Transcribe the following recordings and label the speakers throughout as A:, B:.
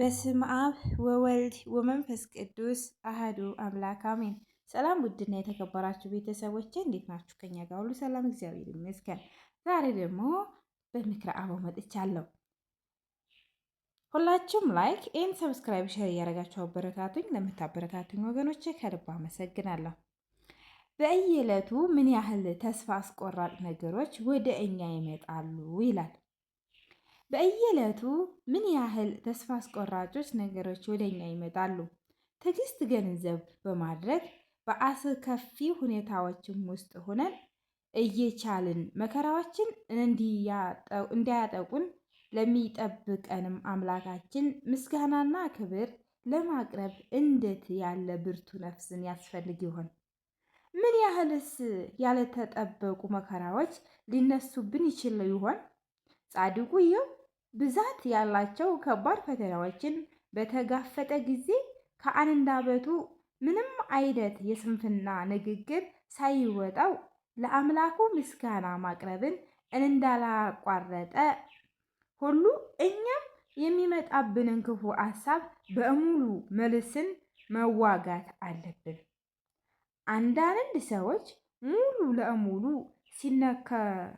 A: በስም አብ ወወልድ ወመንፈስ ቅዱስ አህዱ አምላክ አሜን። ሰላም ውድና የተከበራችሁ ቤተሰቦች እንዴት ናችሁ? ከኛ ጋር ሁሉ ሰላም እግዚአብሔር ይመስገን። ዛሬ ደግሞ በምክረ አበው መጥቻለሁ። ሁላችሁም ላይክ ኤን ሰብስክራይብ ሸር እያደረጋችሁ አበረታቱኝ። ለምታበረታቱኝ ወገኖች ከልብ አመሰግናለሁ። በየዕለቱ ምን ያህል ተስፋ አስቆራጥ ነገሮች ወደ እኛ ይመጣሉ ይላል በየዕለቱ ምን ያህል ተስፋ አስቆራጮች ነገሮች ወደ ይመጣሉ። ትዕግስት ገንዘብ በማድረግ በአስከፊ ሁኔታዎችም ውስጥ ሆነን እየቻልን መከራዎችን እንዳያጠቁን ለሚጠብቀንም አምላካችን ምስጋናና ክብር ለማቅረብ እንዴት ያለ ብርቱ ነፍስን ያስፈልግ ይሆን? ምን ያህልስ ያልተጠበቁ መከራዎች ሊነሱብን ይችል ይሆን? ጻድቁ ኢዮብ ብዛት ያላቸው ከባድ ፈተናዎችን በተጋፈጠ ጊዜ ከአንደበቱ ምንም አይነት የስንፍና ንግግር ሳይወጣው ለአምላኩ ምስጋና ማቅረብን እንዳላቋረጠ ሁሉ እኛም የሚመጣብንን ክፉ አሳብ በሙሉ መልስን መዋጋት አለብን። አንዳንድ ሰዎች ሙሉ ለሙሉ ሲነከከሉ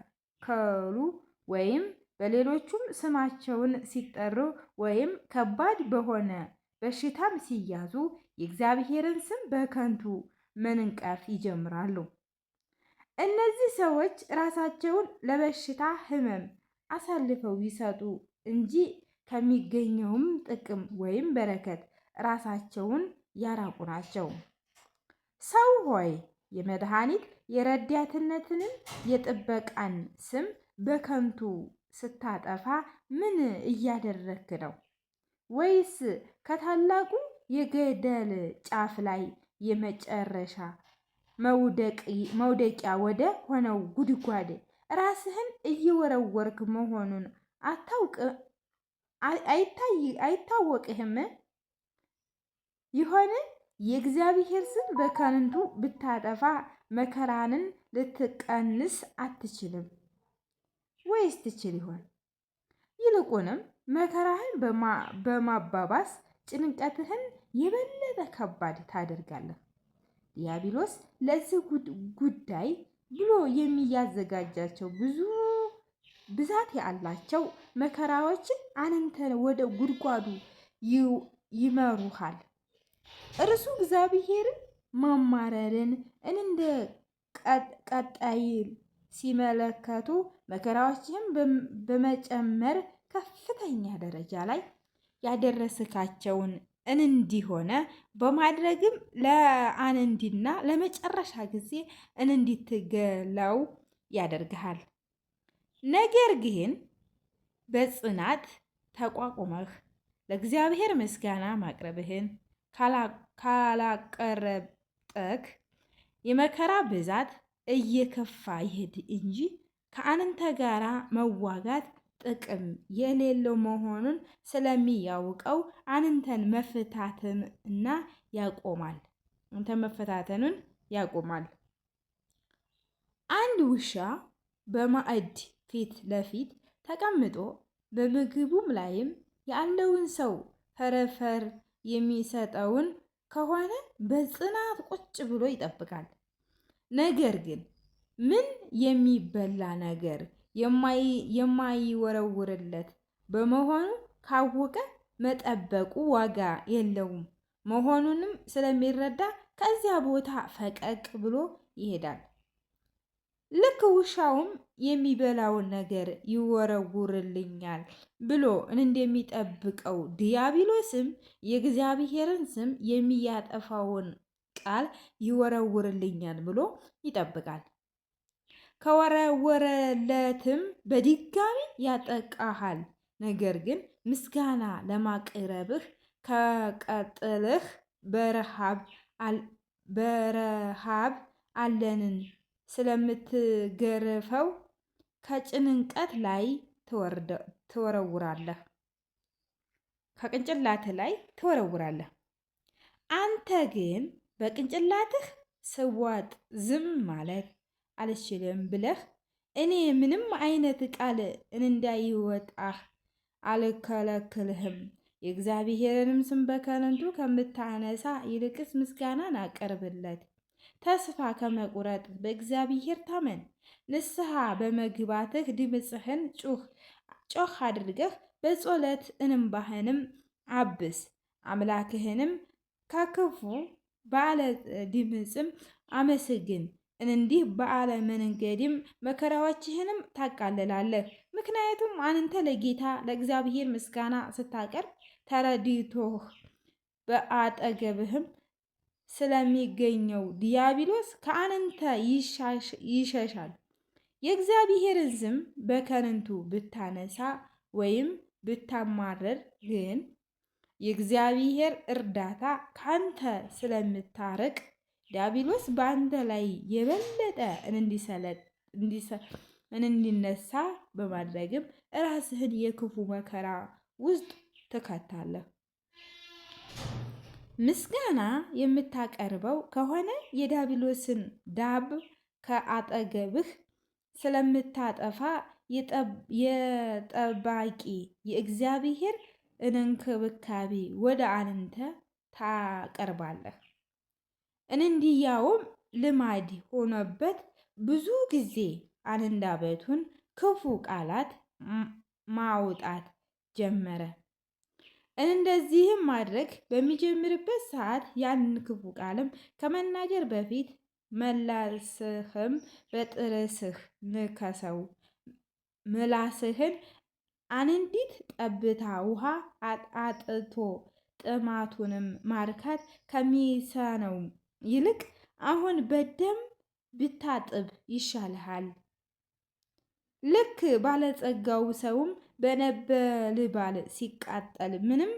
A: ወይም በሌሎቹም ስማቸውን ሲጠሩ ወይም ከባድ በሆነ በሽታም ሲያዙ የእግዚአብሔርን ስም በከንቱ መንቀፍ ይጀምራሉ። እነዚህ ሰዎች ራሳቸውን ለበሽታ ህመም አሳልፈው ይሰጡ እንጂ ከሚገኘውም ጥቅም ወይም በረከት ራሳቸውን ያራቁ ናቸው። ሰው ሆይ የመድኃኒት የረዳትነትንም የጥበቃን ስም በከንቱ ስታጠፋ ምን እያደረክ ነው? ወይስ ከታላቁ የገደል ጫፍ ላይ የመጨረሻ መውደቂያ ወደ ሆነው ጉድጓድ ራስህን እየወረወርክ መሆኑን አይታወቅህም? ይሆን የእግዚአብሔር ስም በከንቱ ብታጠፋ መከራንን ልትቀንስ አትችልም። ወይስ ትችል ይሆን? ይልቁንም መከራህን በማባባስ ጭንቀትህን የበለጠ ከባድ ታደርጋለህ። ዲያብሎስ ለዚህ ጉዳይ ብሎ የሚያዘጋጃቸው ብዙ ብዛት ያላቸው መከራዎችን አንንተን ወደ ጉድጓዱ ይመሩሃል። እርሱ እግዚአብሔርን ማማረርን እንደ ቀጣይ ሲመለከቱ መከራዎችህም በመጨመር ከፍተኛ ደረጃ ላይ ያደረስካቸውን እንዲሆነ በማድረግም ለአንድና ለመጨረሻ ጊዜ እንንዲትገለው ያደርግሃል። ነገር ግን በጽናት ተቋቁመህ ለእግዚአብሔር ምስጋና ማቅረብህን ካላቀረጠክ የመከራ ብዛት እየከፋ ይሄድ እንጂ ከአንተ ጋራ መዋጋት ጥቅም የሌለው መሆኑን ስለሚያውቀው አንተን መፈታተን እና ያቆማል። አንተ መፈታተኑን ያቆማል። አንድ ውሻ በማዕድ ፊት ለፊት ተቀምጦ በምግቡም ላይም ያለውን ሰው ፈረፈር የሚሰጠውን ከሆነ በጽናት ቁጭ ብሎ ይጠብቃል። ነገር ግን ምን የሚበላ ነገር የማይወረውርለት በመሆኑ ካወቀ መጠበቁ ዋጋ የለውም መሆኑንም ስለሚረዳ ከዚያ ቦታ ፈቀቅ ብሎ ይሄዳል። ልክ ውሻውም የሚበላውን ነገር ይወረውርልኛል ብሎ እንደሚጠብቀው ዲያብሎስም የእግዚአብሔርን ስም የሚያጠፋውን ቃል ይወረውርልኛል ብሎ ይጠብቃል። ከወረወረለትም በድጋሚ ያጠቃሃል። ነገር ግን ምስጋና ለማቅረብህ ከቀጥልህ በረሃብ አለንን ስለምትገርፈው ከጭንቀት ላይ ትወረውራለህ ከቅንጭላት ላይ ትወረውራለህ። አንተ ግን በቅንጭላትህ ስዋጥ ዝም ማለት አልችልም ብለህ እኔ ምንም አይነት ቃል እንዳይወጣህ አልከለክልህም። የእግዚአብሔርንም ስም በከንቱ ከምታነሳ ይልቅስ ምስጋናን አቀርብለት። ተስፋ ከመቁረጥ በእግዚአብሔር ታመን። ንስሐ በመግባትህ ድምፅህን ጩህ ጮህ አድርገህ በጸሎት እንባህንም አብስ። አምላክህንም ከክፉ ባለ ድምፅም አመስግን እንዲህ በዓለ መንገድም መከራዎችህንም ታቃልላለህ። ምክንያቱም አንተ ለጌታ ለእግዚአብሔር ምስጋና ስታቀርብ ተረድቶህ በአጠገብህም ስለሚገኘው ዲያብሎስ ከአንተ ይሸሻል። የእግዚአብሔርን ስም በከንቱ ብታነሳ ወይም ብታማረር ግን የእግዚአብሔር እርዳታ ካንተ ስለምታርቅ ዲያብሎስ በአንተ ላይ የበለጠ እንዲነሳ በማድረግም ራስህን የክፉ መከራ ውስጥ ትከታለህ። ምስጋና የምታቀርበው ከሆነ የዲያብሎስን ዳብ ከአጠገብህ ስለምታጠፋ የጠባቂ የእግዚአብሔር እንክብካቤ ወደ አንተ ታቀርባለህ። እንዲያውም ልማድ ሆኖበት ብዙ ጊዜ አንደበቱን ክፉ ቃላት ማውጣት ጀመረ። እንደዚህም ማድረግ በሚጀምርበት ሰዓት ያንን ክፉ ቃልም ከመናገር በፊት መላስህም በጥርስህ ንከሰው፣ ምላስህን አንዲት ጠብታ ውሃ አጥቶ ጥማቱንም ማርካት ከሚሳነው ይልቅ አሁን በደም ብታጥብ ይሻልሃል። ልክ ባለጸጋው ሰውም በነበልባል ሲቃጠል ምንም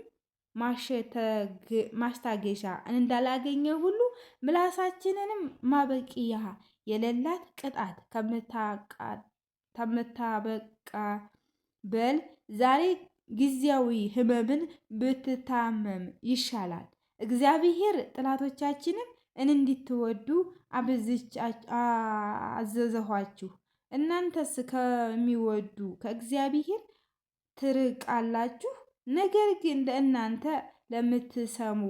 A: ማስታገሻ እንዳላገኘ ሁሉ ምላሳችንንም ማበቂያ የሌላት ቅጣት ከምታበቃ በል ዛሬ ጊዜያዊ ህመምን ብትታመም ይሻላል። እግዚአብሔር ጠላቶቻችንን እንድትወዱ አዘዝኋችሁ። እናንተስ ከሚወዱ ከእግዚአብሔር ትርቃላችሁ። ነገር ግን ለእናንተ ለምትሰሙ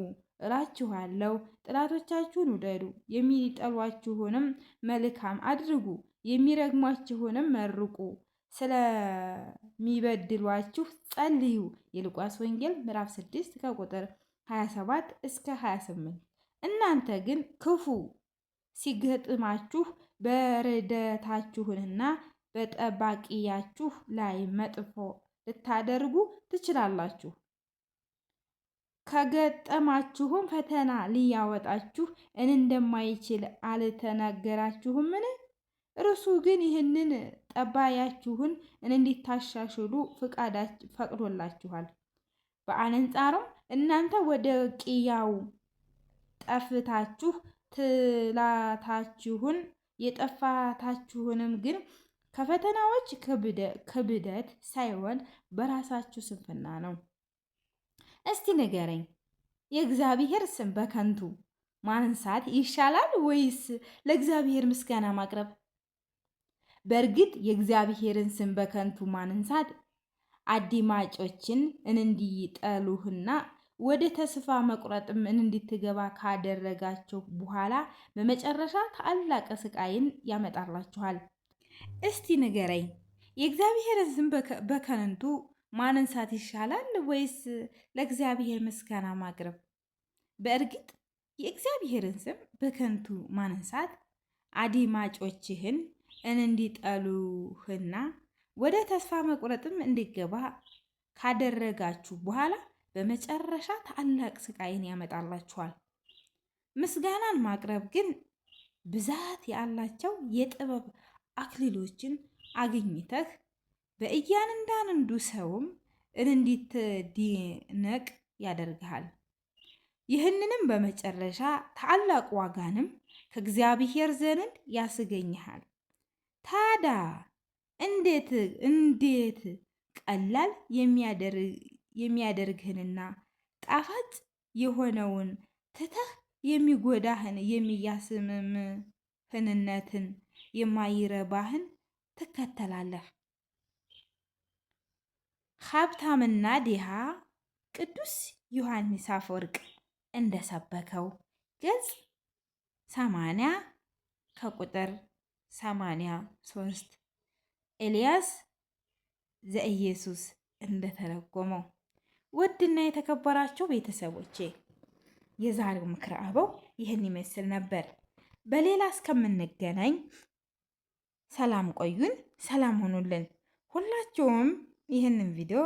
A: እላችኋለሁ፣ ጥላቶቻችሁን ውደዱ፣ የሚጠሏችሁንም መልካም አድርጉ፣ የሚረግሟችሁንም መርቁ ስለሚበድሏችሁ ጸልዩ። የሉቃስ ወንጌል ምዕራፍ 6 ከቁጥር 27 እስከ 28። እናንተ ግን ክፉ ሲገጥማችሁ በረዳታችሁንና በጠባቂያችሁ ላይ መጥፎ ልታደርጉ ትችላላችሁ። ከገጠማችሁም ፈተና ሊያወጣችሁ እንደማይችል አልተነገራችሁምን? እርሱ ግን ይህንን ጠባያችሁን እንዲታሻሽሉ ፈቅዶላችኋል። በአንጻሩም እናንተ ወደ ቅያው ጠፍታችሁ ትላታችሁን የጠፋታችሁንም ግን ከፈተናዎች ክብደት ሳይሆን በራሳችሁ ስንፍና ነው። እስቲ ንገረኝ፣ የእግዚአብሔር ስም በከንቱ ማንሳት ይሻላል ወይስ ለእግዚአብሔር ምስጋና ማቅረብ? በእርግጥ የእግዚአብሔርን ስም በከንቱ ማንሳት አድማጮችን እንዲጠሉህና ወደ ተስፋ መቁረጥም እንድትገባ ካደረጋቸው በኋላ በመጨረሻ ታላቅ ስቃይን ያመጣላችኋል። እስቲ ንገረኝ፣ የእግዚአብሔርን ስም በከንቱ ማንሳት ይሻላል ወይስ ለእግዚአብሔር ምስጋና ማቅረብ? በእርግጥ የእግዚአብሔርን ስም በከንቱ ማንሳት አድማጮችህን እንዲጠሉህና ወደ ተስፋ መቁረጥም እንዲገባ ካደረጋችሁ በኋላ በመጨረሻ ታላቅ ስቃይን ያመጣላችኋል። ምስጋናን ማቅረብ ግን ብዛት ያላቸው የጥበብ አክሊሎችን አግኝተህ በእያንዳንዱ ሰውም እንዲትዲነቅ ያደርግሃል። ይህንንም በመጨረሻ ታላቅ ዋጋንም ከእግዚአብሔር ዘንድ ያስገኝሃል። ታዳ እንዴት እንዴት ቀላል የሚያደርግህንና ጣፋጭ የሆነውን ትተህ የሚጎዳህን ህንነትን የማይረባህን ትከተላለህ። ሀብታምና ድሃ ቅዱስ ዮሐንስ አፈወርቅ እንደሰበከው ገጽ ሰማንያ ከቁጥር ሰማንያ ሶስት ኤልያስ ዘኢየሱስ እንደተረጎመው። ውድና የተከበራቸው ቤተሰቦቼ የዛሬው ምክረ አበው ይህን ይመስል ነበር። በሌላ እስከምንገናኝ ሰላም ቆዩን፣ ሰላም ሆኑልን። ሁላችሁም ይህንን ቪዲዮ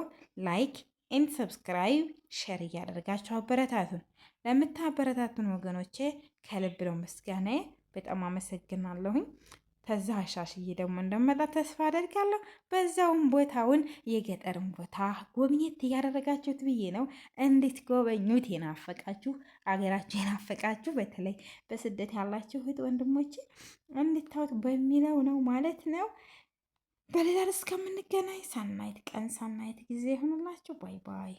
A: ላይክ ኤንድ ሰብስክራይብ ሼር እያደረጋችሁ አበረታቱን። ለምታበረታቱን ወገኖቼ ከልብ ነው በጣም አመሰግናለሁኝ። ከዛ አሻሽዬ ደግሞ እንደመጣ ተስፋ አደርጋለሁ። በዛውም ቦታውን የገጠርን ቦታ ጎብኘት እያደረጋችሁት ብዬ ነው እንዴት ጎበኙት የናፈቃችሁ አገራችሁ የናፈቃችሁ በተለይ በስደት ያላችሁ እህት ወንድሞቼ እንድታዩት በሚለው ነው ማለት ነው። በሌላ እስከምንገናኝ ሳናይት ቀን ሳናይት ጊዜ ይሁንላችሁ። ባይ ባይ